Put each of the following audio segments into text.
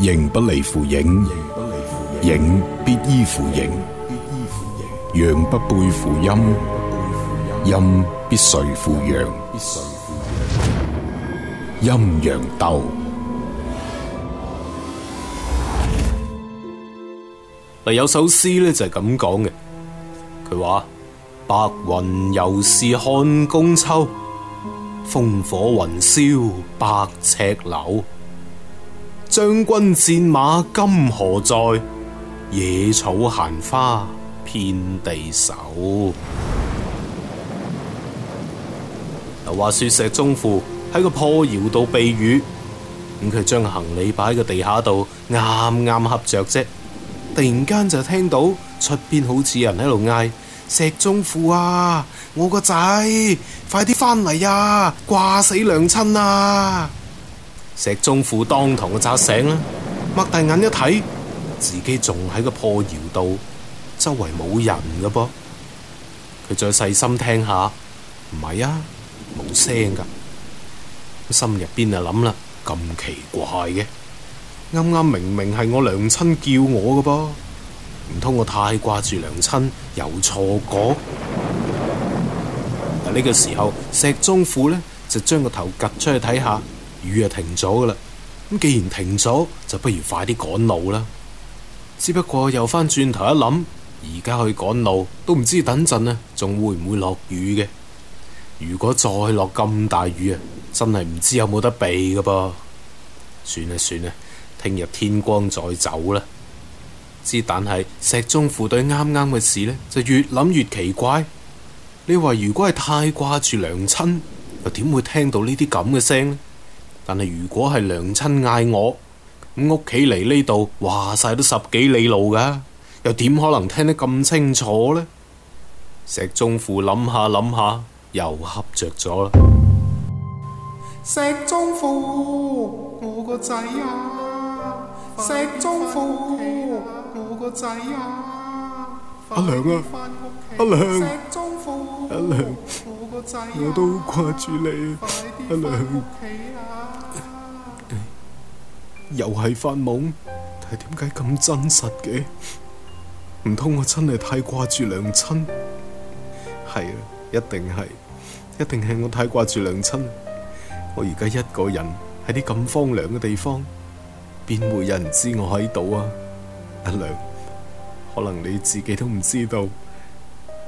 形不離乎影，影必依乎形；陽不背乎陰，陰必須乎陽。陰陽鬥嗱，有首詩呢，就係咁講嘅。佢話：白雲又是漢宮秋，烽火雲燒百尺樓。將軍戰馬今何在？野草閒花遍地愁。嗱，話說石宗輔喺個破窯度避雨，咁佢將行李擺喺個地下度，啱啱合着啫。突然間就聽到出邊好似人喺度嗌：石宗輔啊，我個仔，快啲翻嚟啊，掛死娘親啊！」石宗輔當堂就扎醒啦，擘大眼一睇，自己仲喺個破窯度，周圍冇人嘅噃。佢再細心聽下，唔係啊，冇聲噶。心入邊就諗啦，咁奇怪嘅，啱啱明明係我娘親叫我嘅噃，唔通我太掛住娘親，有錯過？嗱，呢個時候，石宗輔呢，就將個頭夾出去睇下。雨啊，停咗噶啦。咁既然停咗，就不如快啲趕路啦。只不過又翻轉頭一諗，而家去趕路都唔知等陣呢，仲會唔會落雨嘅？如果再落咁大雨啊，真係唔知有冇得避噶噃。算啦算啦，聽日天光再走啦。之但係石宗輔對啱啱嘅事呢，就越諗越奇怪。你話如果係太掛住娘親，又點會聽到呢啲咁嘅聲呢？但係如果係娘親嗌我，屋企嚟呢度話晒都十幾里路噶，又點可能聽得咁清楚呢？石宗輔諗下諗下，又恰着咗啦。石宗輔，我個仔啊！石宗輔，我個仔啊！阿娘啊！阿娘啊，阿娘！石宗輔！阿娘！阿娘！我都掛住你啊！阿娘！屋企又係發夢，但係點解咁真實嘅？唔通我真係太掛住娘親？係啊，一定係，一定係我太掛住娘親。我而家一個人喺啲咁荒涼嘅地方，邊會有人知我喺度啊？阿娘，可能你自己都唔知道，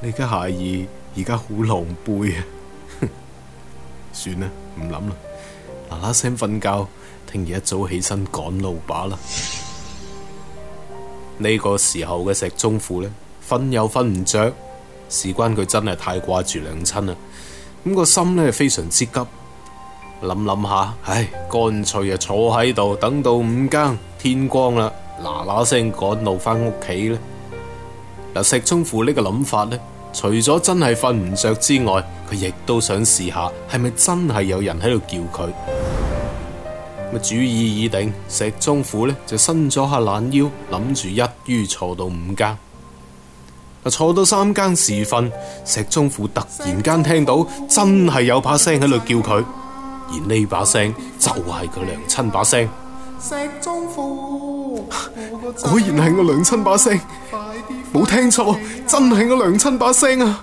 你嘅孩兒而家好狼狽啊！哼！ 算啦，唔諗啦。嗱嗱聲瞓覺，聽日一早起身趕路把啦。呢 個時候嘅石宗輔呢，瞓又瞓唔着，事關佢真係太掛住娘親啦。咁、那個心呢，非常之急，諗諗下，唉，乾脆啊坐喺度，等到五更天光啦，嗱嗱聲趕路翻屋企咧。嗱，石宗輔呢個諗法呢。除咗真係瞓唔着之外，佢亦都想試下係咪真係有人喺度叫佢。主意已定，石宗輔呢就伸咗下懶腰，諗住一於坐到五更。嗱，坐到三更時分，石宗輔突然間聽到真係有把聲喺度叫佢，而呢把聲就係佢娘親把聲。石宗輔，果然係我娘親把聲，冇聽錯，真係我娘親把聲啊！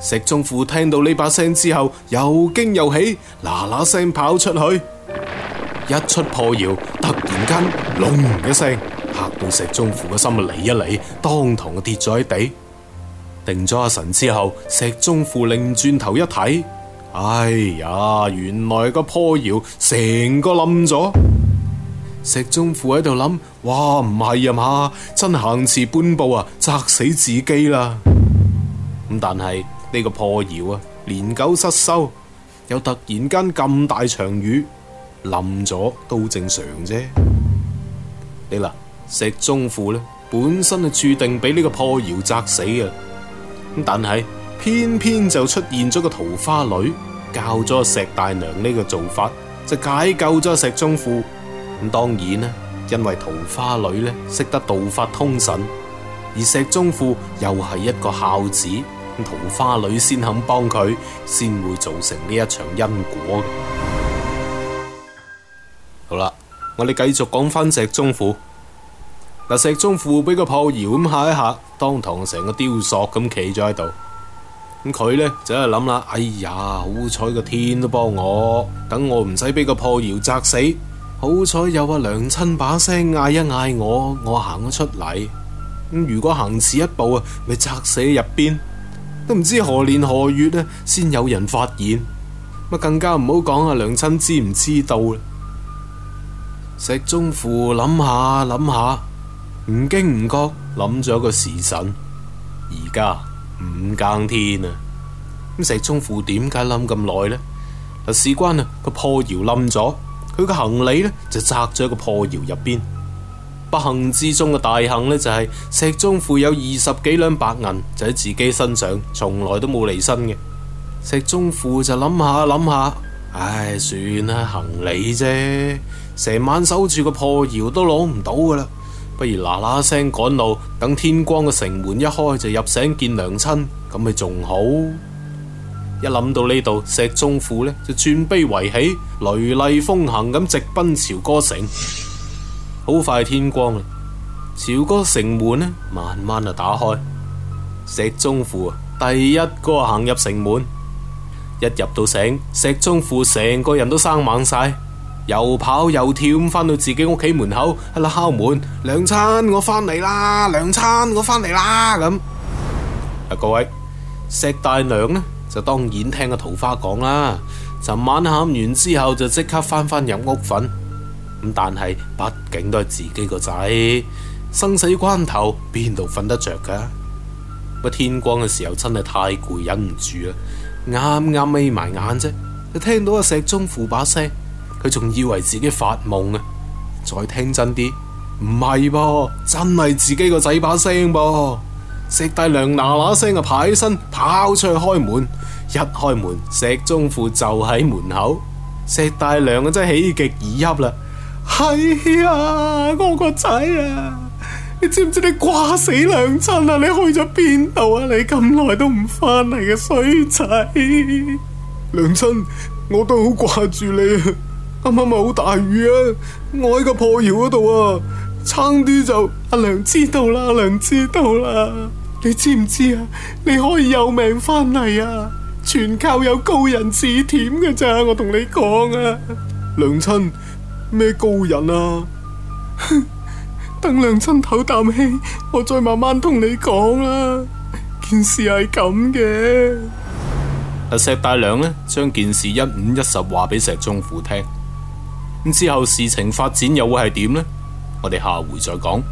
石宗輔聽到呢把聲之後，又驚又喜，嗱嗱聲跑出去。一出破窯，突然間隆一聲，嚇到石宗輔個心啊，離一離，當堂跌咗喺地。定咗阿神之後，石宗輔擰轉頭一睇，哎呀，原來個破窯成個冧咗。石宗輔喺度諗，哇唔係呀嘛，真行遲半步啊，砸死自己啦！咁但係呢個破窯啊，年久失修，又突然間咁大場雨，冧咗都正常啫。你嗱，石宗輔咧本身就注定俾呢個破窯砸死啊，咁但係偏偏就出現咗個桃花女，教咗石大娘呢個做法，就解救咗石宗輔。咁當然啦，因為桃花女咧識得道法通神，而石宗輔又係一個孝子，桃花女先肯幫佢，先會造成呢一場因果。 好啦，我哋繼續講翻石宗輔嗱，石宗輔俾個破窑咁吓一吓，當堂成個雕塑咁企咗喺度。咁佢呢就係諗啦，哎呀，好彩個天都幫我，等我唔使俾個破窑砸死。好彩有阿娘親把聲嗌一嗌我，我行咗出嚟。咁如果行遲一步啊，咪砸死喺入邊，都唔知何年何月咧，先有人發現。咁更加唔好講阿娘親知唔知道啦。石宗輔諗下諗下，唔經唔覺諗咗個時辰，而家五更天啊。咁石宗輔點解諗咁耐呢？嗱，事關啊個破窑冧咗。佢個行李呢，就扎咗一個破窑入邊，不幸之中嘅大幸呢，就係石宗輔有二十幾兩白銀就喺自己身上，從來都冇離身嘅。石宗輔就諗下諗下，唉，算啦，行李啫，成晚守住個破窑都攞唔到噶啦，不如嗱嗱聲趕路，等天光嘅城門一開就入城見娘親，咁咪仲好。一諗到呢度，石宗輔呢就轉悲為喜，雷厲風行咁直奔朝歌城。好快天光啦，朝歌城門呢慢慢啊打開，石宗輔啊第一個行入城門。一入到城，石宗輔成個人都生猛晒，又跑又跳咁翻到自己屋企門口喺度敲門：娘親，我返嚟啦！娘親，我返嚟啦！咁、啊、各位石大娘呢？就當然聽個桃花講啦。尋晚喊完之後就即刻翻返入屋瞓。咁但係畢竟都係自己個仔，生死關頭邊度瞓得着噶？乜天光嘅時候真係太攰，忍唔住啦。啱啱眯埋眼啫，就聽到個石宗輔把聲，佢仲以為自己發夢啊。再聽真啲，唔係噃，真係自己個仔把聲噃。石大娘嗱嗱聲啊，爬起身跑出去開門，一開門石宗輔就喺門口。石大娘啊，真係喜極而泣啦！係啊，我個仔啊，你知唔知你掛死娘親啊？你去咗邊度啊？你咁耐都唔翻嚟嘅衰仔！娘親，我都好掛住你啊！啱啱咪好大雨啊！我喺個破窑嗰度啊，差啲就阿娘知道啦，娘知道啦。娘知道你知唔知啊？你可以有命翻嚟啊！全靠有高人指點嘅咋，我同你講啊，娘親。咩高人啊？ 等娘親唞啖氣，我再慢慢同你講啦。啊。件事係咁嘅。阿石大娘呢，將件事一五一十話俾石宗輔聽。咁之後事情發展又會係點呢？我哋下回再講。